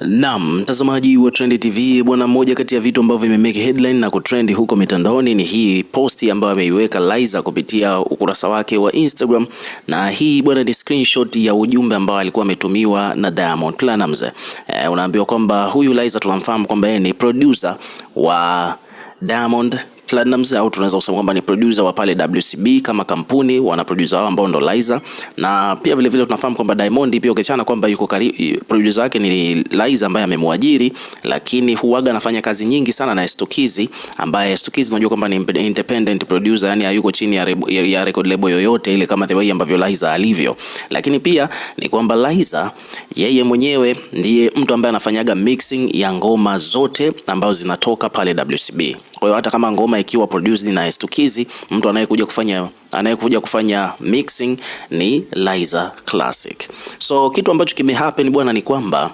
Naam, mtazamaji wa Trend TV bwana, mmoja kati ya vitu ambavyo vimemake headline na kutrend huko mitandaoni ni hii posti ambayo ameiweka Liza kupitia ukurasa wake wa Instagram, na hii bwana ni screenshot ya ujumbe ambao alikuwa ametumiwa na Diamond Platnumz. Eh, unaambiwa kwamba huyu Liza tunamfahamu kwamba yeye ni producer wa Diamond Platinumz au tunaweza kusema kwamba ni producer wa pale WCB kama kampuni, wana producer wao ambao ndo Liza, na pia vile vile tunafahamu kwamba Diamond pia ukichana kwamba yuko karibu, producer wake ni Liza ambaye amemwajiri, lakini huaga anafanya kazi nyingi sana na Stukizi, ambaye Stukizi unajua kwamba ni independent producer, yani hayuko chini ya, ya record label yoyote ile kama the way ambavyo Liza alivyo. Lakini pia ni kwamba Liza yeye mwenyewe ndiye mtu ambaye anafanyaga mixing ya ngoma zote ambazo zinatoka pale WCB. Kwa hiyo hata kama ngoma ikiwa produced na Estukizi, mtu anayekuja kufanya anayekuja kufanya mixing ni Liza Classic. So kitu ambacho kimehappen bwana ni kwamba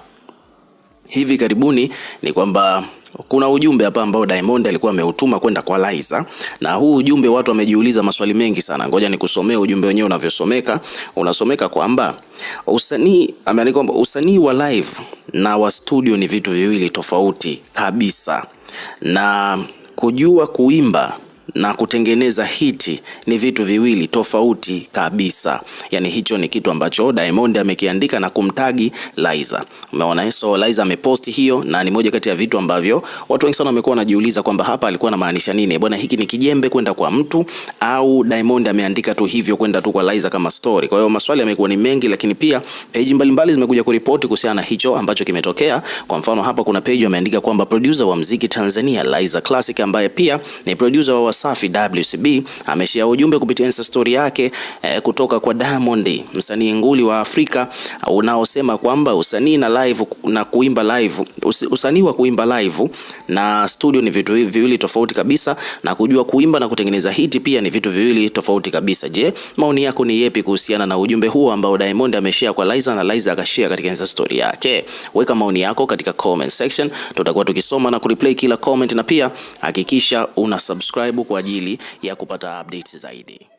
hivi karibuni ni kwamba kuna ujumbe hapa ambao Diamond alikuwa ameutuma kwenda kwa Liza, na huu ujumbe watu wamejiuliza maswali mengi sana. Ngoja nikusomee ujumbe wenyewe unavyosomeka. Unasomeka kwamba usanii, ameandika kwamba usanii wa live na wa studio ni vitu viwili tofauti kabisa na kujua kuimba na kutengeneza hiti ni vitu viwili tofauti kabisa. Yaani hicho ni kitu ambacho Diamond amekiandika na kumtagi Liza. Umeona, eh? so Liza ameposti hiyo, na ni moja kati ya vitu ambavyo watu wengi sana wamekuwa wanajiuliza kwamba hapa alikuwa anamaanisha nini bwana, hiki ni kijembe kwenda kwa mtu au Diamond ameandika tu hivyo kwenda tu kwa Liza kama story? Kwa hiyo maswali yamekuwa ni mengi, lakini pia page mbalimbali zimekuja kuripoti kuhusiana na hicho ambacho kimetokea. Kwa mfano hapa kuna page ameandika kwamba producer wa muziki Tanzania Liza Classic ambaye pia ni producer wa Wasafi WCB ameshia ujumbe kupitia Insta story yake eh, kutoka kwa Diamond, msanii nguli wa Afrika unaosema kwamba usanii na live na kuimba live, us, usanii wa kuimba live na studio ni vitu viwili tofauti kabisa, na kujua kuimba na kutengeneza hiti pia ni vitu viwili tofauti kabisa. Je, maoni yako ni yepi kuhusiana na ujumbe huo ambao Diamond ameshare kwa Liza na Liza akashare katika Insta story yake? Weka maoni yako katika comment section, tutakuwa tukisoma na kureplay kila comment, na pia hakikisha una subscribe kwa ajili ya kupata updates zaidi.